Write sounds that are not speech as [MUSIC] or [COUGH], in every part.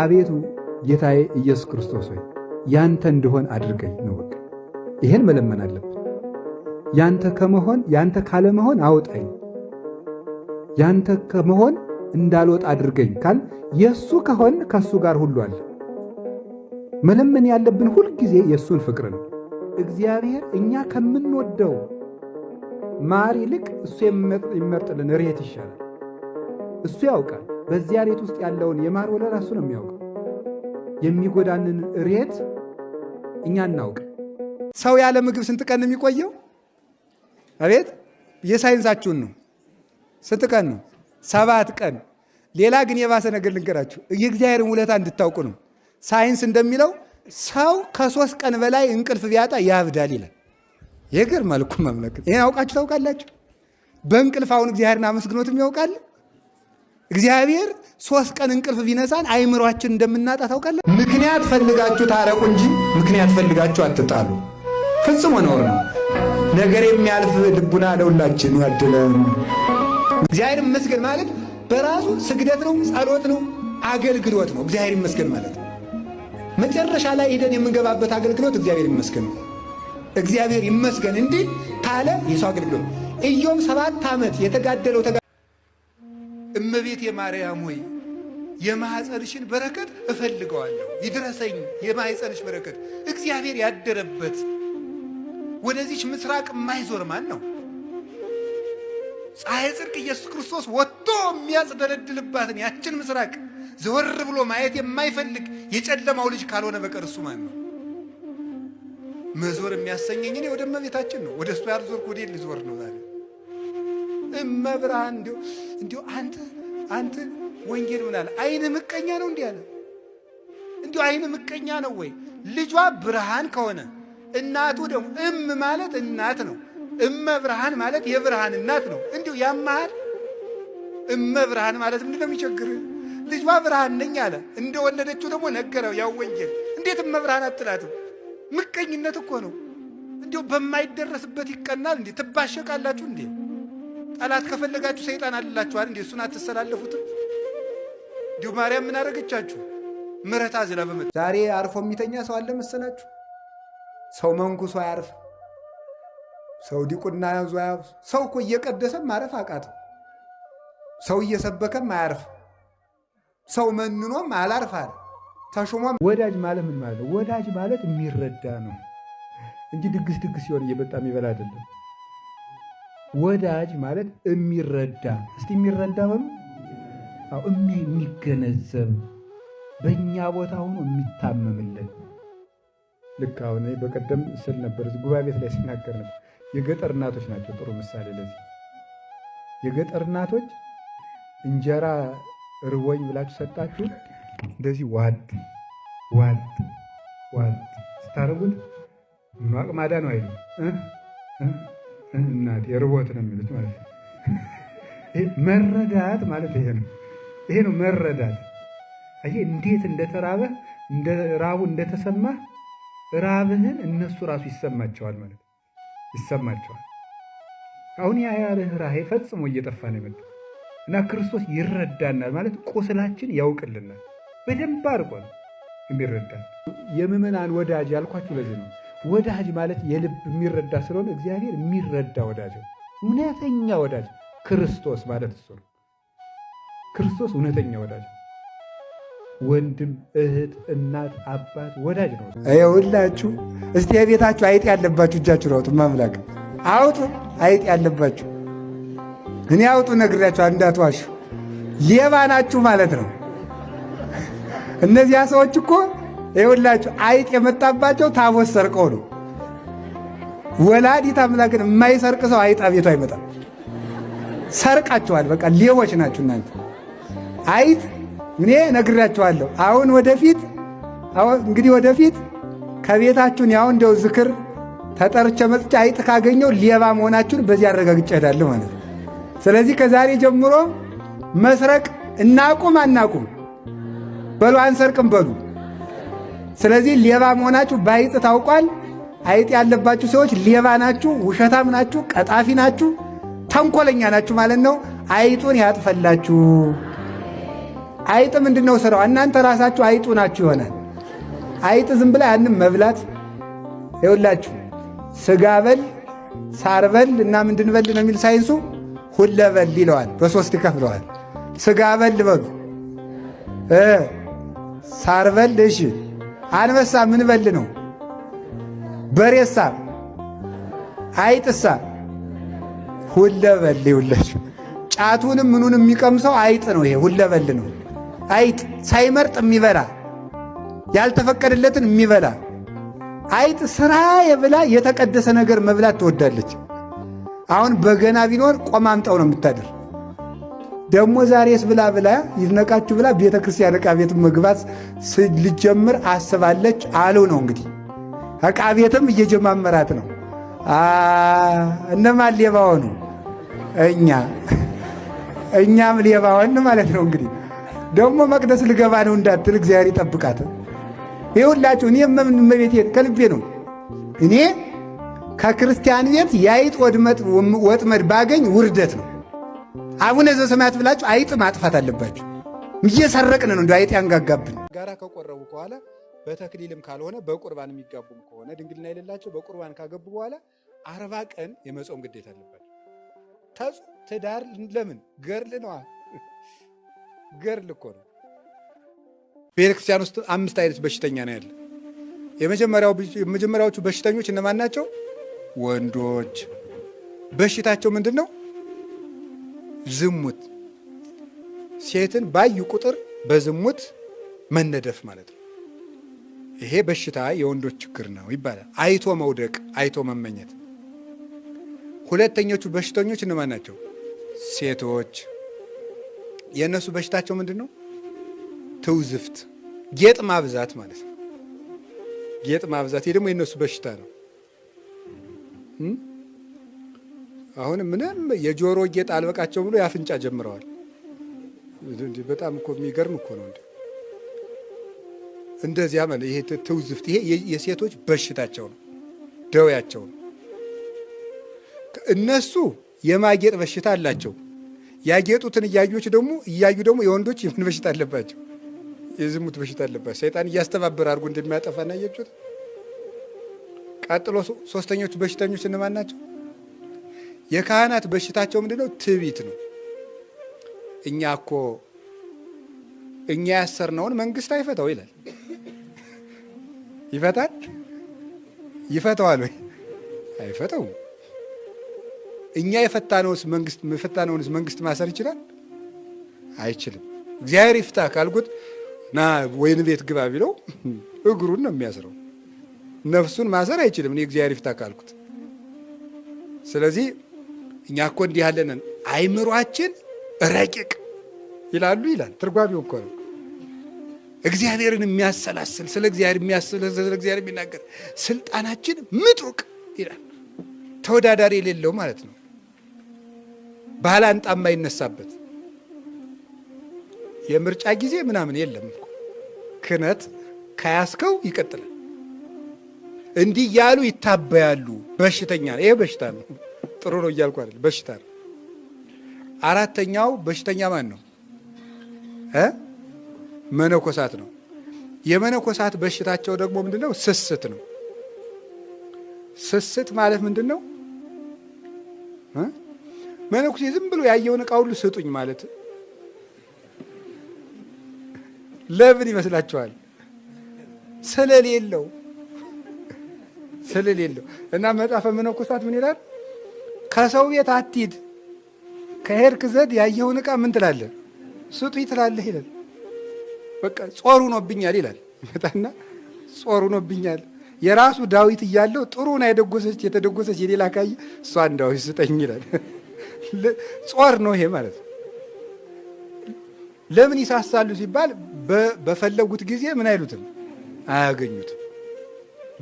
አቤቱ ጌታዬ ኢየሱስ ክርስቶስ ሆይ ያንተ እንደሆን አድርገኝ ነው። ይህን መለመን አለብን። ያንተ ከመሆን ያንተ ካለመሆን አውጣኝ፣ ያንተ ከመሆን እንዳልወጣ አድርገኝ ካል የእሱ ከሆን ከእሱ ጋር ሁሉ አለ። መለመን ያለብን ሁልጊዜ የእሱን ፍቅር ነው። እግዚአብሔር እኛ ከምንወደው ማር ይልቅ እሱ የሚመርጥልን ሬት ይሻላል። እሱ ያውቃል። በዚያ ሬት ውስጥ ያለውን የማር ወለል እሱ ነው የሚያውቀው። የሚጎዳንን ሬት እኛ እናውቅ። ሰው ያለ ምግብ ስንት ቀን የሚቆየው? አቤት የሳይንሳችሁን ነው። ስንት ቀን ነው? ሰባት ቀን። ሌላ ግን የባሰ ነገር ልንገራችሁ፣ የእግዚአብሔርን ውለታ እንድታውቁ ነው። ሳይንስ እንደሚለው ሰው ከሶስት ቀን በላይ እንቅልፍ ቢያጣ ያብዳል ይላል። የገርማል መልኩ መመለከት። ይህን አውቃችሁ ታውቃላችሁ? በእንቅልፍ አሁን እግዚአብሔርን አመስግኖትም ያውቃል እግዚአብሔር ሶስት ቀን እንቅልፍ ቢነሳን አይምሯችን እንደምናጣ ታውቃለን። ምክንያት ፈልጋችሁ ታረቁ እንጂ ምክንያት ፈልጋችሁ አትጣሉ። ፍጹም ኖር ነው። ነገር የሚያልፍ ልቡና ለሁላችን ያድለን። እግዚአብሔር ይመስገን ማለት በራሱ ስግደት ነው፣ ጸሎት ነው፣ አገልግሎት ነው። እግዚአብሔር ይመስገን ማለት መጨረሻ ላይ ሄደን የምንገባበት አገልግሎት እግዚአብሔር ይመስገን እግዚአብሔር ይመስገን እንዲህ ታለ የሰው አገልግሎት ኢዮብ ሰባት ዓመት የተጋደለው እመቤት የማርያም ወይ የማህፀንሽን በረከት እፈልገዋለሁ ይድረሰኝ የማህፀንሽ በረከት። እግዚአብሔር ያደረበት ወደዚች ምስራቅ የማይዞር ማን ነው? ፀሐይ ጽድቅ ኢየሱስ ክርስቶስ ወጥቶ የሚያጽደለድልባትን ያችን ምስራቅ ዘወር ብሎ ማየት የማይፈልግ የጨለማው ልጅ ካልሆነ በቀር እሱ ማን ነው? መዞር የሚያሰኘኝ እኔ ወደ እመቤታችን ነው። ወደ እሱ ያልዞርኩ ወዴት ልዞር ነው? እመብርሃን እንዲሁ እንዲሁ አንተ አንተ ወንጌል ምናለ አይን ምቀኛ ነው እንዲህ አለ። እንዲሁ አይን ምቀኛ ነው ወይ? ልጇ ብርሃን ከሆነ እናቱ ደግሞ እም ማለት እናት ነው። እመ ብርሃን ማለት የብርሃን እናት ነው። እንዲሁ ያመሃል። እመ ማለት ምንድን ነው የሚቸግርህ? ልጇ ብርሃን ነኝ አለ። እንደ ወለደችው ደግሞ ነገረው። ያው ወንጌል እንዴት እመብርሃን ብርሃን አትላትም? ምቀኝነት እኮ ነው። እንዲሁ በማይደረስበት ይቀናል እንዴ? ትባሸቃላችሁ እንዴ? ጠላት ከፈለጋችሁ ሰይጣን አልላችኋል እንዴ? እሱን አትሰላለፉትም? እንዲሁ ማርያም ምን አደረገቻችሁ? ምረት አዝላ በመ ዛሬ አርፎ የሚተኛ ሰው አለ መሰላችሁ? ሰው መንኩሶ አያርፍ፣ ሰው ዲቁና ያዙ አያርፍ። ሰው እኮ እየቀደሰም ማረፍ አቃተው። ሰው እየሰበከም አያርፍ፣ ሰው መንኖም አላርፋል። ተሾሞም ወዳጅ ማለት ምን ማለት ነው? ወዳጅ ማለት የሚረዳ ነው እንጂ ድግስ ድግስ ሲሆን እየበጣም ይበላ አይደለም። ወዳጅ ማለት የሚረዳ እስቲ የሚረዳ በሉ የሚገነዘብ በእኛ ቦታ ሆኖ የሚታመምልን። ልክ አሁን በቀደም ስል ነበር ጉባኤ ቤት ላይ ሲናገር ነበር። የገጠር እናቶች ናቸው ጥሩ ምሳሌ ለዚህ። የገጠር እናቶች እንጀራ ርወኝ ብላችሁ ሰጣችሁ፣ እንደዚህ ዋጥ ዋጥ ዋጥ ስታደርጉት ኗቅ ማዳ ነው አይደል? እናቴ ርቦት ነው የሚሉት ማለት ነው። መረዳት ማለት ይሄ ነው። ይሄ ነው መረዳት። አየህ እንዴት እንደተራበ እንደ ራቡ እንደተሰማ ራብህን እነሱ ራሱ ይሰማቸዋል ማለት ይሰማቸዋል። አሁን ያ ራሄ ፈጽሞ እየጠፋ ነው የመጣው እና ክርስቶስ ይረዳናል ማለት ቁስላችን ያውቅልናል። በደንብ አድርጎ ነው የሚረዳን። የምዕመናን ወዳጅ ያልኳችሁ ለዚህ ነው። ወዳጅ ማለት የልብ የሚረዳ ስለሆነ እግዚአብሔር የሚረዳ ወዳጅ ነው። እውነተኛ ወዳጅ ክርስቶስ ማለት እሱ ነው። ክርስቶስ እውነተኛ ወዳጅ ነው። ወንድም፣ እህት፣ እናት፣ አባት ወዳጅ ነው። ሁላችሁ እስቲ የቤታችሁ አይጥ ያለባችሁ እጃችሁ አውጡ። ማምላክ አውጡ። አይጥ ያለባችሁ እኔ አውጡ ነግሬያችሁ እንዳትዋሹ። ሌባ ናችሁ ማለት ነው። እነዚያ ሰዎች እኮ ይኸውላችሁ አይጥ የመጣባቸው ታቦት ሰርቀው ነው። ወላዲት አምላክን የማይሰርቅ ሰው አይጣ ቤቱ አይመጣም። ሰርቃቸዋል በቃ ሌቦች ናችሁ እናንተ። አይጥ እኔ ነግራችኋለሁ። አሁን ወደፊት እንግዲህ ወደፊት ከቤታችሁን ያው እንደው ዝክር ተጠርቼ መጥቼ አይጥ ካገኘው ሌባ መሆናችሁን በዚህ አረጋግጬ እሄዳለሁ ማለት ነው። ስለዚህ ከዛሬ ጀምሮ መስረቅ እናቁም፣ አናቁም በሉ፣ አንሰርቅም በሉ። ስለዚህ ሌባ መሆናችሁ በአይጥ ታውቋል። አይጥ ያለባችሁ ሰዎች ሌባ ናችሁ፣ ውሸታም ናችሁ፣ ቀጣፊ ናችሁ፣ ተንኮለኛ ናችሁ ማለት ነው። አይጡን ያጥፈላችሁ። አይጥ ምንድን ነው ስራው? እናንተ ራሳችሁ አይጡ ናችሁ ይሆናል። አይጥ ዝም ብላ ያንም መብላት ይውላችሁ ስጋ በል ሳር በል እና ምንድን በል ነው የሚል ሳይንሱ ሁለበል ይለዋል። በሶስት ይከፍለዋል። ስጋ በል በሉ፣ ሳር በል እሺ አንበሳ ምን በል ነው? በሬሳ አይጥሳ ሁለ በል ይውላችሁ። ጫቱንም ምኑን የሚቀምሰው አይጥ ነው። ይሄ በል ነው። አይጥ ሳይመርጥ የሚበላ ያልተፈቀደለትን የሚበላ አይጥ ስራ የብላ የተቀደሰ ነገር መብላት ትወዳለች። አሁን በገና ቢኖር ቆማምጠው ነው የምታደር ደግሞ ዛሬስ ብላ ብላ ይነቃችሁ ብላ ቤተ ክርስቲያን ዕቃ ቤት መግባት ልጀምር አስባለች አሉ ነው እንግዲህ ዕቃ ቤትም እየጀማመራት ነው። እነማን ሌባ ሆኑ? እኛ [LAUGHS] እኛም ሌባ ሆን ማለት ነው እንግዲህ። ደግሞ መቅደስ ልገባ ነው እንዳትል እግዚአብሔር ይጠብቃት። ይሁላችሁ እኔ መቤቴ ከልቤ ነው እኔ ከክርስቲያን ቤት ያይጥ ወጥመድ ባገኝ ውርደት ነው አቡነ ዘሰማያት ብላችሁ አይጥ ማጥፋት አለባችሁ። እየሰረቅን ነው እንዲ አይጥ ያንጋጋብን። ጋራ ከቆረቡ በኋላ በተክሊልም ካልሆነ በቁርባን የሚጋቡም ከሆነ ድንግልና የሌላቸው በቁርባን ካገቡ በኋላ አርባ ቀን የመጾም ግዴታ አለባቸው። ተጹ ትዳር ለምን ገርል ነዋ፣ ገርል እኮ ነው። ቤተክርስቲያን ውስጥ አምስት አይነት በሽተኛ ነው ያለ። የመጀመሪያዎቹ በሽተኞች እነማን ናቸው? ወንዶች። በሽታቸው ምንድን ነው? ዝሙት ሴትን ባዩ ቁጥር በዝሙት መነደፍ ማለት ነው። ይሄ በሽታ የወንዶች ችግር ነው ይባላል። አይቶ መውደቅ፣ አይቶ መመኘት። ሁለተኞቹ በሽተኞች እነማን ናቸው? ሴቶች። የእነሱ በሽታቸው ምንድን ነው? ትውዝፍት፣ ጌጥ ማብዛት ማለት ነው። ጌጥ ማብዛት፣ ይህ ደግሞ የእነሱ በሽታ ነው። አሁን ምንም የጆሮ ጌጥ አልበቃቸው ብሎ ያፍንጫ ጀምረዋል። በጣም እኮ የሚገርም እኮ ነው። እንደዚያ ማለት ይሄ ትውዝፍት ይሄ የሴቶች በሽታቸው ነው፣ ደውያቸው ነው። እነሱ የማጌጥ በሽታ አላቸው። ያጌጡትን እያዩች ደግሞ እያዩ ደግሞ የወንዶች የምን በሽታ አለባቸው? የዝሙት በሽታ አለባቸው። ሰይጣን እያስተባበረ አድርጎ እንደሚያጠፋ እና ቀጥሎ ሶስተኞቹ በሽተኞች እነማን ናቸው? የካህናት በሽታቸው ነው? ትዕቢት ነው። እኛ እኮ እኛ ያሰርነውን መንግስት አይፈታው ይላል። ይፈታል? ይፈተዋል ወይ? አይፈተው። እኛ የፈታነውስ መንግስት የፈታነውንስ መንግስት ማሰር ይችላል? አይችልም። እግዚአብሔር ይፍታ ካልኩት ና ወይን ቤት ግባ ቢለው እግሩን ነው የሚያስረው። ነፍሱን ማሰር አይችልም። እኔ እግዚአብሔር ይፍታ ካልኩት ስለዚህ እኛ እኮ እንዲህ ያለንን አይምሯችን ረቂቅ ይላሉ ይላል ትርጓሜው እኮ ነው። እግዚአብሔርን የሚያሰላስል ስለ እግዚአብሔር የሚያሰላስል ስለ እግዚአብሔር የሚናገር ስልጣናችን ምጡቅ ይላል። ተወዳዳሪ የሌለው ማለት ነው። ባላንጣ የማይነሳበት የምርጫ ጊዜ ምናምን የለም እኮ ክህነት ከያስከው ይቀጥላል። እንዲህ ያሉ ይታበያሉ። በሽተኛ ይሄ በሽታ ነው። ጥሩ ነው እያልኩ አይደል፣ በሽታ ነው። አራተኛው በሽተኛ ማን ነው? መነኮሳት ነው። የመነኮሳት በሽታቸው ደግሞ ምንድን ነው? ስስት ነው። ስስት ማለት ምንድን ነው? መነኩሴ ዝም ብሎ ያየውን እቃ ሁሉ ስጡኝ ማለት ለምን ይመስላችኋል? ስለሌለው ስለሌለው እና መጽሐፈ መነኮሳት ምን ይላል? ከሰው ቤት አትሂድ፣ ከሄድክ ዘድ ያየውን ዕቃ ምን ትላለህ? ስጡኝ ትላለህ ይላል። በቃ ጾር ሆኖብኛል ይላል። ይመጣና ጾር ሆኖብኛል። የራሱ ዳዊት እያለው ጥሩን አይደጎሰች የተደጎሰች የሌላ ካየ እሷ ዳዊት ስጠኝ ይላል። ጾር ነው ይሄ ማለት ነው። ለምን ይሳሳሉ ሲባል በፈለጉት ጊዜ ምን አይሉትም፣ አያገኙትም።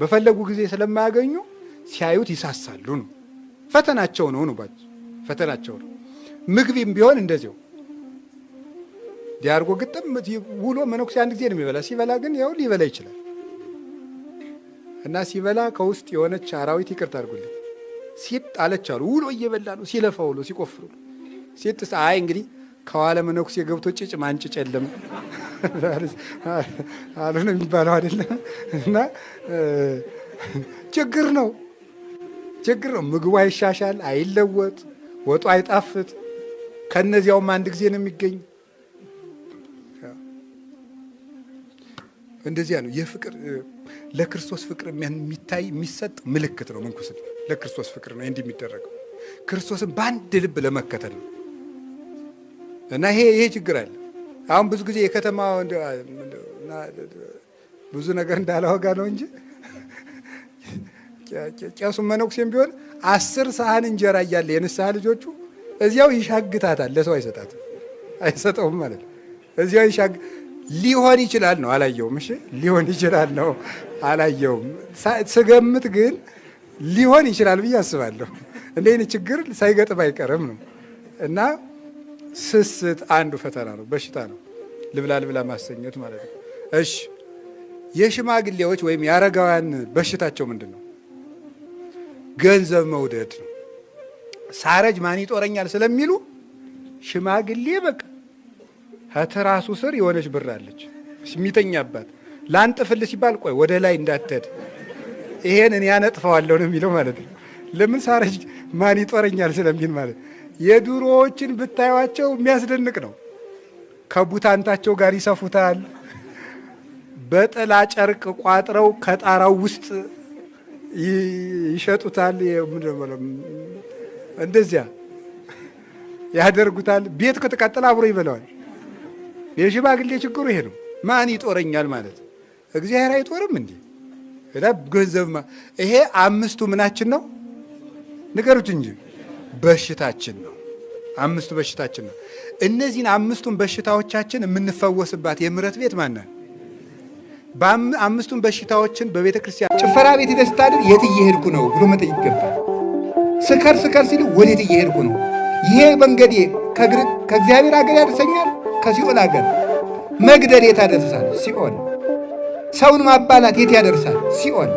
በፈለጉ ጊዜ ስለማያገኙ ሲያዩት ይሳሳሉ ነው። ፈተናቸው ነው ነው ፈተናቸው ነው። ምግብም ቢሆን እንደዚው ዲያርጎ ግጥም ውሎ መነኩሴ አንድ ጊዜ ነው የሚበላ። ሲበላ ግን ያው ሊበላ ይችላል እና ሲበላ ከውስጥ የሆነች አራዊት ይቅርታ አድርጉልኝ ሲጥ አለች አሉ። ውሎ እየበላ ነው ሲለፋ ውሎ ሲቆፍሩ ሲጥ አይ እንግዲህ ከኋለ መነኩሴ ገብቶ ጭጭ ማንጭጭ የለም አሉ ነው የሚባለው አይደለም እና ችግር ነው። ችግር ነው። ምግቡ አይሻሻል፣ አይለወጥ፣ ወጡ አይጣፍጥ። ከእነዚያውም አንድ ጊዜ ነው የሚገኝ። እንደዚያ ነው የፍቅር ለክርስቶስ ፍቅር የሚታይ የሚሰጥ ምልክት ነው። ምንኩስና ለክርስቶስ ፍቅር ነው እንዲህ የሚደረገው ክርስቶስን በአንድ ልብ ለመከተል ነው። እና ይሄ ይሄ ችግር አለ። አሁን ብዙ ጊዜ የከተማ ብዙ ነገር እንዳላወጋ ነው እንጂ ቄሱ መነኩሴም ቢሆን አስር ሳህን እንጀራ እያለ የንስሐ ልጆቹ እዚያው ይሻግታታል። ለሰው አይሰጣት አይሰጠውም ማለት እዚያው ይሻግ ሊሆን ይችላል ነው አላየውም። እሺ ሊሆን ይችላል ነው አላየውም። ስገምት ግን ሊሆን ይችላል ብዬ አስባለሁ። እንዴን ችግር ሳይገጥም አይቀርም ነው እና ስስት አንዱ ፈተና ነው፣ በሽታ ነው። ልብላ ልብላ ማሰኘት ማለት ነው። እሺ የሽማግሌዎች ወይም የአረጋውያን በሽታቸው ምንድን ነው? ገንዘብ መውደድ ነው። ሳረጅ ማን ይጦረኛል ስለሚሉ ሽማግሌ በቃ ከትራሱ ስር የሆነች ብር አለች የሚተኛባት ላንጥፍል ሲባል ቆይ ወደ ላይ እንዳትሄድ ይሄን እኔ ያነጥፈዋለሁ ነው የሚለው ማለት ነው። ለምን ሳረጅ ማን ይጦረኛል ስለሚል ማለት የድሮዎችን ብታዩቸው የሚያስደንቅ ነው። ከቡታንታቸው ጋር ይሰፉታል። በጥላ ጨርቅ ቋጥረው ከጣራው ውስጥ ይሸጡታል፣ እንደዚያ ያደርጉታል። ቤት ከተቃጠለ አብሮ ይበላዋል። የሽማግሌ ችግሩ ይሄ ነው። ማን ይጦረኛል ማለት እግዚአብሔር አይጦርም እንዴ? እና ገንዘብማ ይሄ አምስቱ ምናችን ነው? ንገሩት እንጂ በሽታችን ነው። አምስቱ በሽታችን ነው። እነዚህን አምስቱን በሽታዎቻችን የምንፈወስባት የምረት ቤት ማናት? አምስቱን በሽታዎችን በቤተ ክርስቲያን ጭፈራ ቤት ደስታ ስታድር የት እየሄድኩ ነው ብሎ መጠየቅ ይገባል። ስከር ስከር ሲል ወዴት እየሄድኩ ነው? ይሄ መንገዴ ከእግዚአብሔር ሀገር ያደርሰኛል ከሲኦል አገር መግደል የት ያደርሳል? ሲኦል። ሰውን ማባላት የት ያደርሳል? ሲኦል።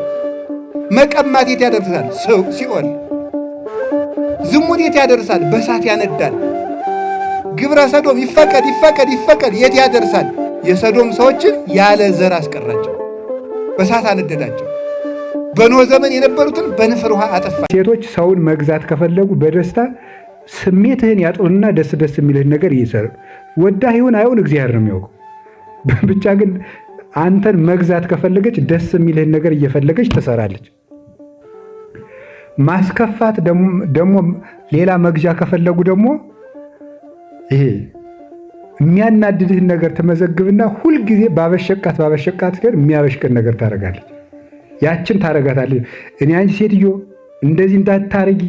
መቀማት የት ያደርሳል? ሰው ሲኦል። ዝሙት የት ያደርሳል? በሳት ያነዳል። ግብረ ሰዶም ይፈቀድ ይፈቀድ ይፈቀድ የት ያደርሳል? የሰዶም ሰዎችን ያለ ዘር አስቀራቸው፣ በሳት አነደዳቸው። በኖህ ዘመን የነበሩትን በንፍር ውሃ አጠፋ። ሴቶች ሰውን መግዛት ከፈለጉ በደስታ ስሜትህን ያጡንና ደስ ደስ የሚልህን ነገር እየሰሩ ወዳ ይሁን አይሁን እግዚአብሔር ነው የሚያውቀው። [LAUGHS] ብቻ ግን አንተን መግዛት ከፈለገች ደስ የሚልህን ነገር እየፈለገች ትሰራለች። ማስከፋት ደግሞ ሌላ መግዣ ከፈለጉ ደግሞ ይሄ የሚያናድድህን ነገር ትመዘግብና ሁልጊዜ ባበሸቃት ባበሸቃት ገር የሚያበሽቅን ነገር ታደርጋለች። ያችን ታደርጋታለች። እኔ አንቺ ሴትዮ እንደዚህ እንዳታረጊ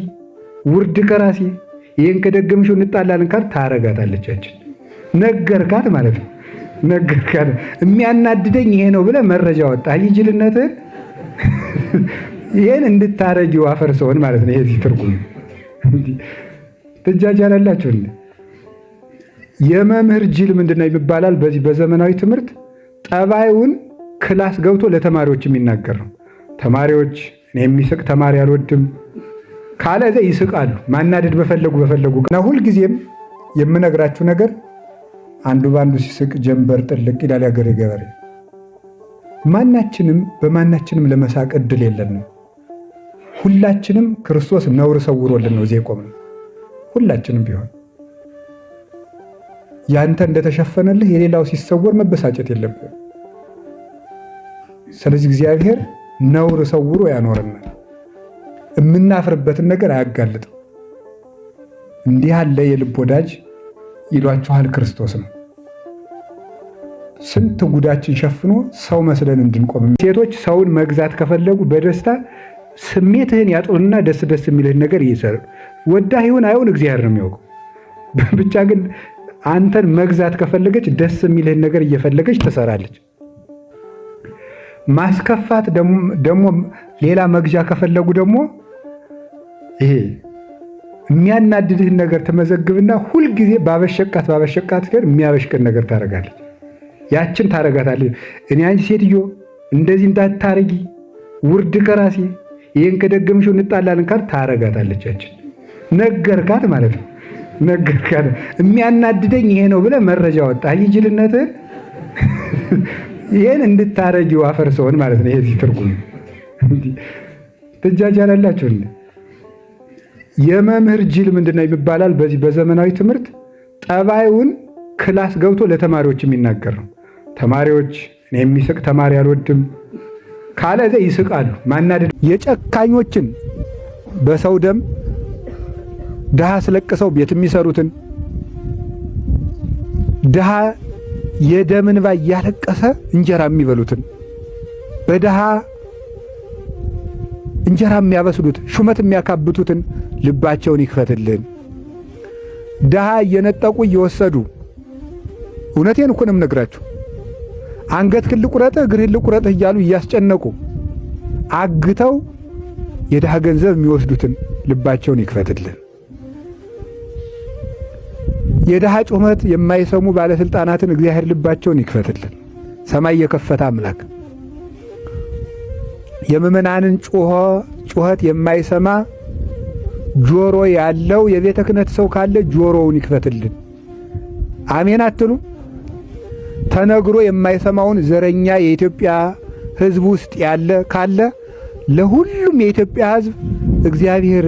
ውርድ ከራሴ ይህን ከደገምሽው እንጣላለን ካል ታረጋታለች። ያችን ነገርካት ማለት ነው። ነገርካት የሚያናድደኝ ይሄ ነው ብለህ መረጃ ወጣ ይጅልነትህን [LAUGHS] ይህን እንድታረጊው አፈር ሰውን ማለት ነው። ይሄ ትርጉም ትጃጃላላችሁ። የመምህር ጅል ምንድን ነው ይባላል? በዚህ በዘመናዊ ትምህርት ጠባዩን ክላስ ገብቶ ለተማሪዎች የሚናገር ነው። ተማሪዎች እኔ የሚስቅ ተማሪ አልወድም ካለ ዘ ይስቃሉ። ማናደድ በፈለጉ በፈለጉ እና ሁልጊዜም የምነግራችሁ ነገር አንዱ በአንዱ ሲስቅ ጀንበር ጥልቅ ይላል ያገሬ ገበሬ። ማናችንም በማናችንም ለመሳቅ እድል የለንም። ሁላችንም ክርስቶስ ነውር ሰውሮልን ነው እዚህ የቆምነው ሁላችንም ቢሆን ያንተ እንደተሸፈነልህ የሌላው ሲሰወር መበሳጨት የለብህ። ስለዚህ እግዚአብሔር ነውር ሰውሮ ያኖረናል። የምናፍርበትን ነገር አያጋልጥም። እንዲህ ያለ የልብ ወዳጅ ይሏችኋል ክርስቶስ ነው። ስንት ጉዳችን ሸፍኖ ሰው መስለን እንድንቆም። ሴቶች ሰውን መግዛት ከፈለጉ በደስታ ስሜትህን ያጥሩና ደስ ደስ የሚልህን ነገር ይሰሩ። ወዳህ ይሁን አይሁን እግዚአብሔር ነው የሚያውቀው። ብቻ ግን አንተን መግዛት ከፈለገች ደስ የሚልህን ነገር እየፈለገች ትሰራለች። ማስከፋት ደግሞ ሌላ መግዣ ከፈለጉ ደግሞ ይሄ የሚያናድድህን ነገር ትመዘግብና ሁልጊዜ ባበሸቃት ባበሸቃት ገር የሚያበሽቅን ነገር ታደርጋለች። ያችን ታረጋታለች። እኔ አንቺ ሴትዮ እንደዚህ እንዳታረጊ ውርድ ከራሴ ይህን ከደገምሽው እንጣላለን ካል ታረጋታለች። ያችን ነገርካት ማለት ነው። ነገርካለ። የሚያናድደኝ ይሄ ነው ብለህ መረጃ ወጣ። ይጅልነትህን ይህን እንድታረጊው አፈር ሰሆን ማለት ነው። ይሄ ትርጉም ትጃጃላላችሁ። የመምህር ጅል ምንድን ነው የሚባላል? በዚህ በዘመናዊ ትምህርት ጠባዩን ክላስ ገብቶ ለተማሪዎች የሚናገር ነው። ተማሪዎች እኔ የሚስቅ ተማሪ አልወድም ካለ ይስቃሉ። ማናደድ የጨካኞችን በሰው ደም ድሃ አስለቅሰው ቤት የሚሰሩትን ድሃ የደም እንባ እያለቀሰ እንጀራ የሚበሉትን በድሃ እንጀራ የሚያበስሉት ሹመት የሚያካብቱትን ልባቸውን ይክፈትልን። ድሃ እየነጠቁ እየወሰዱ እውነቴን እኮ ነው የምነግራችሁ። አንገትህን ልቁረጥህ እግርህን ልቁረጥህ እያሉ እያስጨነቁ አግተው የድሃ ገንዘብ የሚወስዱትን ልባቸውን ይክፈትልን። የድሃ ጩኸት የማይሰሙ ባለሥልጣናትን እግዚአብሔር ልባቸውን ይክፈትልን። ሰማይ የከፈተ አምላክ የምእመናንን ጩኸት የማይሰማ ጆሮ ያለው የቤተ ክህነት ሰው ካለ ጆሮውን ይክፈትልን። አሜን አትሉ? ተነግሮ የማይሰማውን ዘረኛ የኢትዮጵያ ሕዝብ ውስጥ ያለ ካለ ለሁሉም የኢትዮጵያ ሕዝብ እግዚአብሔር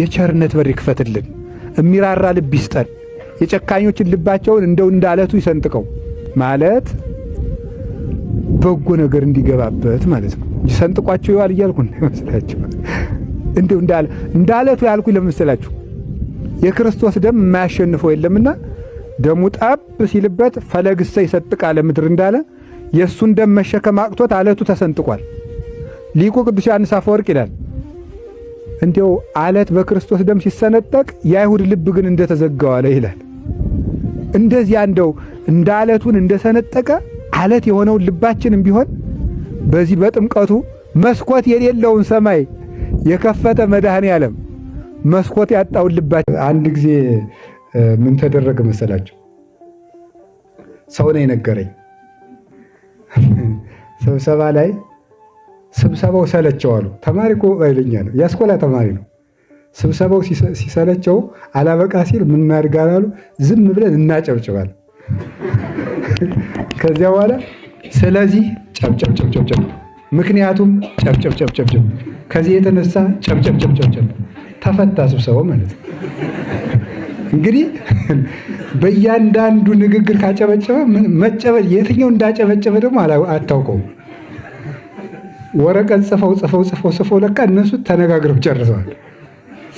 የቸርነት በር ይክፈትልን። የሚራራ ልብ ይስጠን። የጨካኞችን ልባቸውን እንደው እንዳለቱ ይሰንጥቀው ማለት በጎ ነገር እንዲገባበት ማለት ነው እንጂ ሰንጥቋቸው ይዋል እያልኩ እንዳይመስላችሁ። እንደው እንዳለቱ ያልኩ ለመሰላችሁ የክርስቶስ ደም የማያሸንፈው የለምና ደሙ ጣብ ሲልበት ፈለግሰ ይሰጥቃለ ምድር እንዳለ የእሱን ደም መሸከም አቅቶት አለቱ ተሰንጥቋል። ሊቁ ቅዱስ ዮሐንስ አፈወርቅ ይላል እንዲው አለት በክርስቶስ ደም ሲሰነጠቅ የአይሁድ ልብ ግን እንደተዘጋዋለ ይላል። እንደዚያ እንደው እንደ አለቱን እንደሰነጠቀ አለት የሆነውን ልባችንም ቢሆን በዚህ በጥምቀቱ መስኮት የሌለውን ሰማይ የከፈተ መድኃኔ ዓለም መስኮት ያጣውን ልባችን አንድ ጊዜ ምን ተደረገ መሰላቸው? ሰው ነው የነገረኝ። ስብሰባ ላይ ስብሰባው ሰለቸዋሉ። ተማሪ እኮ ኃይለኛ ነው፣ የአስኮላ ተማሪ ነው። ስብሰባው ሲሰለቸው አላበቃ ሲል ምን እናድርጋላሉ? ዝም ብለን እናጨብጭባል። [LAUGHS] ከዚያ በኋላ ስለዚህ ጨብጨብጨብጨብጨብ፣ ምክንያቱም ጨብጨብጨብጨብጨብ፣ ከዚህ የተነሳ ጨብጨብጨብጨብጨብ፣ ተፈታ ስብሰባው ማለት ነው። [LAUGHS] እንግዲህ በእያንዳንዱ ንግግር ካጨበጨበ መጨበ- የትኛው እንዳጨበጨበ ደግሞ አታውቀውም። ወረቀት ጽፈው ጽፈው ጽፈው ጽፈው ለካ እነሱ ተነጋግረው ጨርሰዋል።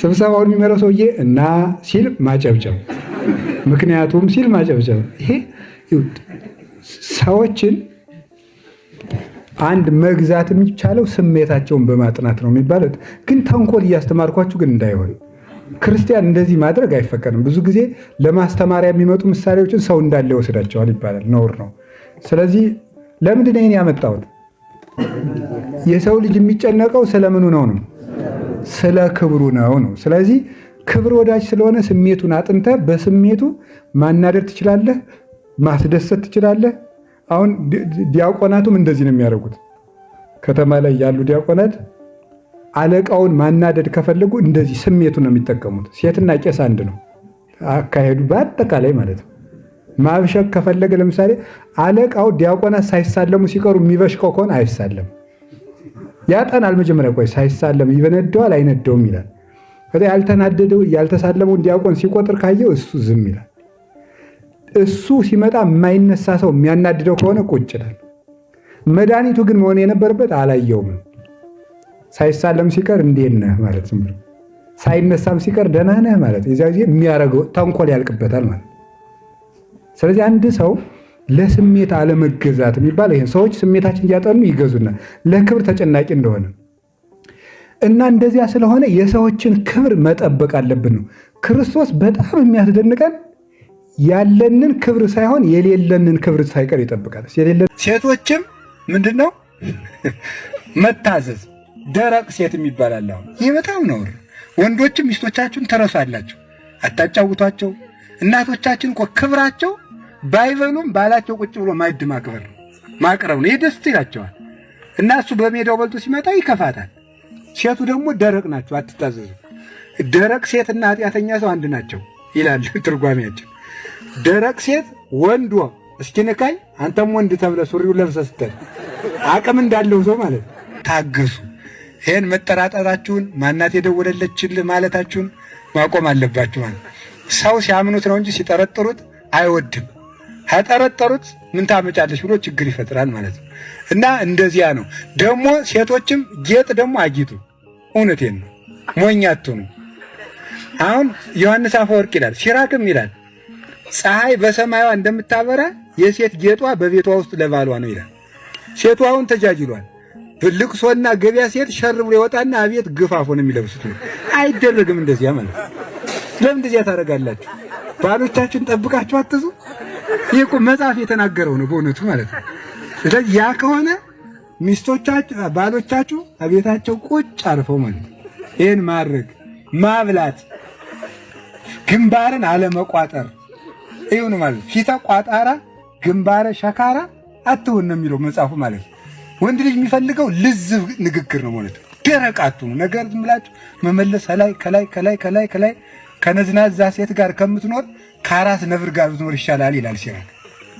ስብሰባውን የሚመራው ሰውዬ እና ሲል ማጨብጨብ፣ ምክንያቱም ሲል ማጨብጨብ። ይሄ ሰዎችን አንድ መግዛት የሚቻለው ስሜታቸውን በማጥናት ነው የሚባለው። ግን ተንኮል እያስተማርኳችሁ ግን እንዳይሆን ክርስቲያን እንደዚህ ማድረግ አይፈቀድም። ብዙ ጊዜ ለማስተማሪያ የሚመጡ ምሳሌዎችን ሰው እንዳለ ይወስዳቸዋል ይባላል። ነውር ነው። ስለዚህ ለምንድን ይህን ያመጣሁት? የሰው ልጅ የሚጨነቀው ስለምኑ ነው ነው ስለ ክብሩ ነው ነው። ስለዚህ ክብር ወዳጅ ስለሆነ ስሜቱን አጥንተ በስሜቱ ማናደር ትችላለህ፣ ማስደሰት ትችላለህ። አሁን ዲያቆናቱም እንደዚህ ነው የሚያደርጉት። ከተማ ላይ ያሉ ዲያቆናት አለቃውን ማናደድ ከፈለጉ እንደዚህ ስሜቱ ነው የሚጠቀሙት። ሴትና ቄስ አንድ ነው አካሄዱ በአጠቃላይ ማለት ነው። ማብሸቅ ከፈለገ ለምሳሌ አለቃው ዲያቆናት ሳይሳለሙ ሲቀሩ የሚበሽቀው ከሆነ አይሳለም። ያጠናል። መጀመሪያ ቆይ ሳይሳለም ይበነደዋል አይነደውም ይላል። ከዚ ያልተናደደው ያልተሳለመው ዲያቆን ሲቆጥር ካየው እሱ ዝም ይላል። እሱ ሲመጣ የማይነሳ ሰው የሚያናድደው ከሆነ ቁጭ ይላል። መድኃኒቱ ግን መሆን የነበረበት አላየውም። ሳይሳለም ሲቀር እንዴት ነህ ማለት ዝም ብሎ ሳይነሳም ሲቀር ደህና ነህ ማለት የዚያ ጊዜ የሚያደርገው ተንኮል ያልቅበታል ማለት ስለዚህ አንድ ሰው ለስሜት አለመገዛት የሚባል ይሄ ሰዎች ስሜታችን እያጠኑ ይገዙና ለክብር ተጨናቂ እንደሆነ እና እንደዚያ ስለሆነ የሰዎችን ክብር መጠበቅ አለብን ነው። ክርስቶስ በጣም የሚያስደንቀን ያለንን ክብር ሳይሆን የሌለንን ክብር ሳይቀር ይጠብቃል። ሴቶችም ምንድን ነው መታዘዝ፣ ደረቅ ሴት የሚባል አለ። አሁን ይህ በጣም ነውር። ወንዶችም ሚስቶቻችሁን ትረሷላቸው፣ አታጫውቷቸው። እናቶቻችን እኮ ክብራቸው ባይበሉም ባላቸው ቁጭ ብሎ ማዕድ ማክበር ነው ማቅረብ ነው። ይህ ደስ ይላቸዋል እና እሱ በሜዳው በልቶ ሲመጣ ይከፋታል። ሴቱ ደግሞ ደረቅ ናቸው፣ አትታዘዙ። ደረቅ ሴትና ኃጢአተኛ ሰው አንድ ናቸው ይላል [LAUGHS] ትርጓሜያቸው። ደረቅ ሴት ወንዶ እስኪንካኝ አንተም ወንድ ተብለ ሱሪውን ለብሰህ ስትል አቅም እንዳለው ሰው ማለት ነው። ታገሱ። ይህን መጠራጠራችሁን ማናት የደወለለችልህ ማለታችሁን ማቆም አለባችሁ። ማለት ሰው ሲያምኑት ነው እንጂ ሲጠረጥሩት አይወድም። ከጠረጠሩት ምን ታመጫለች ብሎ ችግር ይፈጥራል ማለት ነው። እና እንደዚያ ነው ደግሞ ሴቶችም ጌጥ ደግሞ አጊጡ። እውነቴን ነው፣ ሞኛቱ ነው። አሁን ዮሐንስ አፈወርቅ ይላል ሲራክም ይላል ፀሐይ በሰማያዋ እንደምታበራ የሴት ጌጧ በቤቷ ውስጥ ለባሏ ነው ይላል። ሴቷ አሁን ተጃጅሏል። ልቅሶና ገበያ ሴት ሸር ብሎ ይወጣና አቤት ግፋፎ ነው የሚለብሱት። አይደረግም እንደዚያ ማለት ለምን እንደዚያ ታደርጋላችሁ? ባሎቻችሁን ጠብቃችሁ አትዙ። ይህ እኮ መጽሐፍ የተናገረው ነው በእውነቱ ማለት ነው። ስለዚህ ያ ከሆነ ሚስቶቻችሁ፣ ባሎቻችሁ አቤታቸው ቁጭ አርፈው ማለት ነው። ይህን ማድረግ ማብላት፣ ግንባርን አለመቋጠር ይሁን ማለት ፊተ ቋጣራ ግንባረ ሸካራ አትሁን ነው የሚለው መጽሐፉ ማለት ነው። ወንድ ልጅ የሚፈልገው ልዝብ ንግግር ነው ማለት ነው። ደረቅ ነገር ዝም ብላችሁ መመለስ ከላይ ከላይ ከላይ ከላይ ከላይ ከነዝናዛ ሴት ጋር ከምትኖር ከአራት ነብር ጋር ብትኖር ይሻላል ይላል ሲራክ።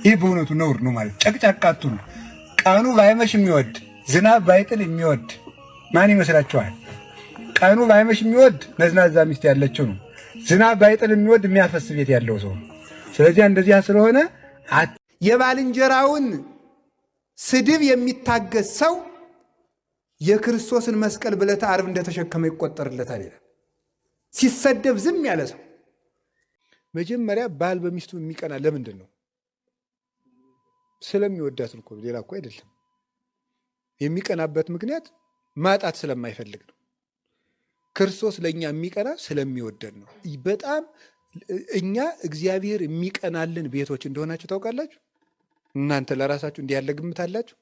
ይህ በእውነቱ ነውር ነው ማለት ጨቅጫቃቱ ነው። ቀኑ ባይመሽ የሚወድ ዝናብ ባይጥል የሚወድ ማን ይመስላችኋል? ቀኑ ባይመሽ የሚወድ ነዝናዛ ሚስት ያለችው ነው። ዝናብ ባይጥል የሚወድ የሚያፈስ ቤት ያለው ሰው ነው። ስለዚያ እንደዚያ ስለሆነ የባልንጀራውን ስድብ የሚታገስ ሰው የክርስቶስን መስቀል ብለተ ዓርብ እንደተሸከመ ይቆጠርለታል ይላል። ሲሰደብ ዝም ያለ ሰው መጀመሪያ ባል በሚስቱ የሚቀና ለምንድን ነው? ስለሚወዳት እኮ ሌላ እኮ አይደለም። የሚቀናበት ምክንያት ማጣት ስለማይፈልግ ነው። ክርስቶስ ለእኛ የሚቀና ስለሚወደን ነው። በጣም እኛ እግዚአብሔር የሚቀናልን ቤቶች እንደሆናችሁ ታውቃላችሁ። እናንተ ለራሳችሁ እንዲህ ያለ ግምት አላችሁ።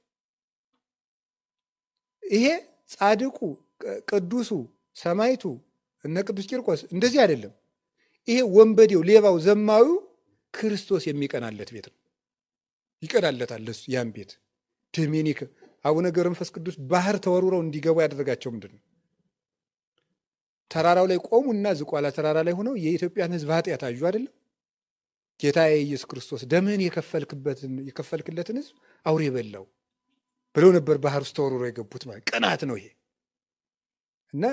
ይሄ ጻድቁ፣ ቅዱሱ፣ ሰማይቱ እነ ቅዱስ ቂርቆስ እንደዚህ አይደለም። ይሄ ወንበዴው፣ ሌባው፣ ዘማዊው ክርስቶስ የሚቀናለት ቤት ነው። ይቀናለታል እሱ ያን ቤት። ዶሚኒክ አቡነ ገብረ መንፈስ ቅዱስ ባህር ተወርውረው እንዲገቡ ያደረጋቸው ምንድን ነው? ተራራው ላይ ቆሙና ዝቋላ ተራራ ላይ ሆነው የኢትዮጵያን ሕዝብ ኃጢአት አዩ አይደለም። ጌታ የኢየሱስ ክርስቶስ ደምህን የከፈልክለትን ሕዝብ አውሬ በላው ብለው ነበር ባህር ውስጥ ተወርውረው የገቡት። ማለት ቅናት ነው ይሄ እና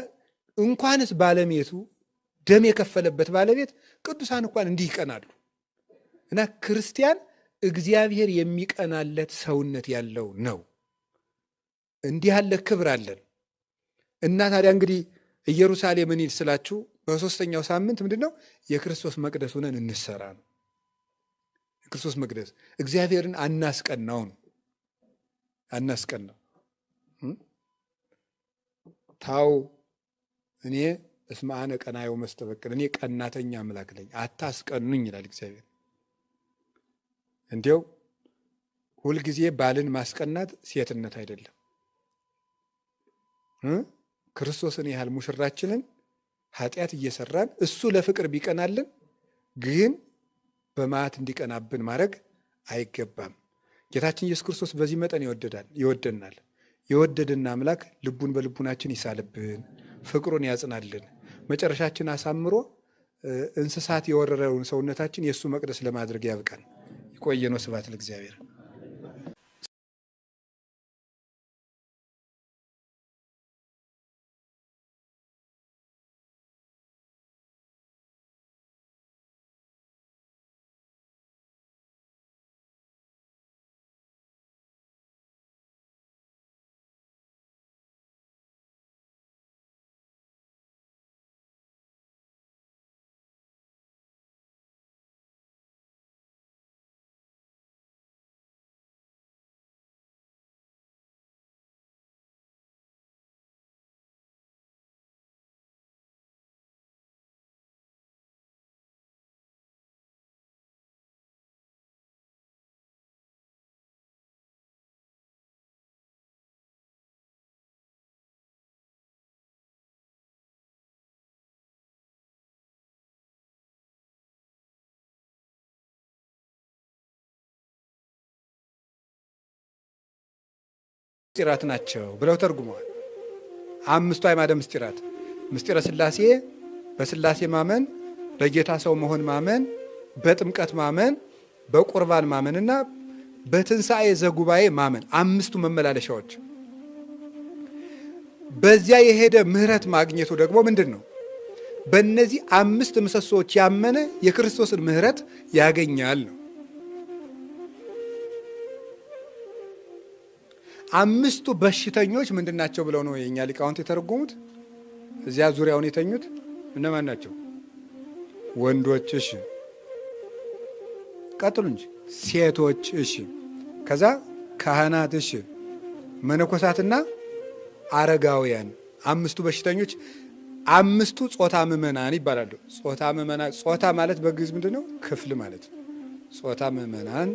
እንኳንስ ባለቤቱ ደም የከፈለበት ባለቤት ቅዱሳን እንኳን እንዲህ ይቀናሉ እና ክርስቲያን እግዚአብሔር የሚቀናለት ሰውነት ያለው ነው። እንዲህ ያለ ክብር አለን እና ታዲያ እንግዲህ ኢየሩሳሌም እንሂድ ስላችሁ በሶስተኛው ሳምንት ምንድን ነው የክርስቶስ መቅደስ ሆነን እንሰራ ነው። የክርስቶስ መቅደስ እግዚአብሔርን አናስቀናውን አናስቀናው ታው እኔ እስመ አነ ቀናዮ መስተበቅል እኔ ቀናተኛ አምላክ ነኝ፣ አታስቀኑኝ ይላል እግዚአብሔር። እንዲው ሁልጊዜ ባልን ማስቀናት ሴትነት አይደለም። ክርስቶስን ያህል ሙሽራችንን ኃጢአት እየሰራን እሱ ለፍቅር ቢቀናልን ግን በማት እንዲቀናብን ማድረግ አይገባም። ጌታችን ኢየሱስ ክርስቶስ በዚህ መጠን ይወደናል። የወደድን አምላክ ልቡን በልቡናችን ይሳልብን። ፍቅሩን ያጽናልን። መጨረሻችን አሳምሮ እንስሳት የወረረውን ሰውነታችን የእሱ መቅደስ ለማድረግ ያብቀን። የቆየነው ስብሐት ለእግዚአብሔር። ምስጢራት ናቸው ብለው ተርጉመዋል። አምስቱ አዕማደ ምስጢራት ምስጢረ ስላሴ በስላሴ ማመን፣ በጌታ ሰው መሆን ማመን፣ በጥምቀት ማመን፣ በቁርባን ማመንና በትንሣኤ ዘጉባኤ ማመን አምስቱ መመላለሻዎች። በዚያ የሄደ ምሕረት ማግኘቱ ደግሞ ምንድን ነው? በእነዚህ አምስት ምሰሶዎች ያመነ የክርስቶስን ምሕረት ያገኛል ነው። አምስቱ በሽተኞች ምንድን ናቸው ብለው ነው የእኛ ሊቃውንት የተረጎሙት። እዚያ ዙሪያውን የተኙት እነማን ናቸው? ወንዶች። እሺ፣ ቀጥሉ እንጂ ሴቶች። እሺ፣ ከዛ ካህናት። እሺ፣ መነኮሳትና አረጋውያን አምስቱ በሽተኞች አምስቱ ጾታ ምእመናን ይባላሉ። ጾታ ምእመናን ጾታ ማለት በግዕዝ ምንድን ነው? ክፍል ማለት ጾታ ምእመናን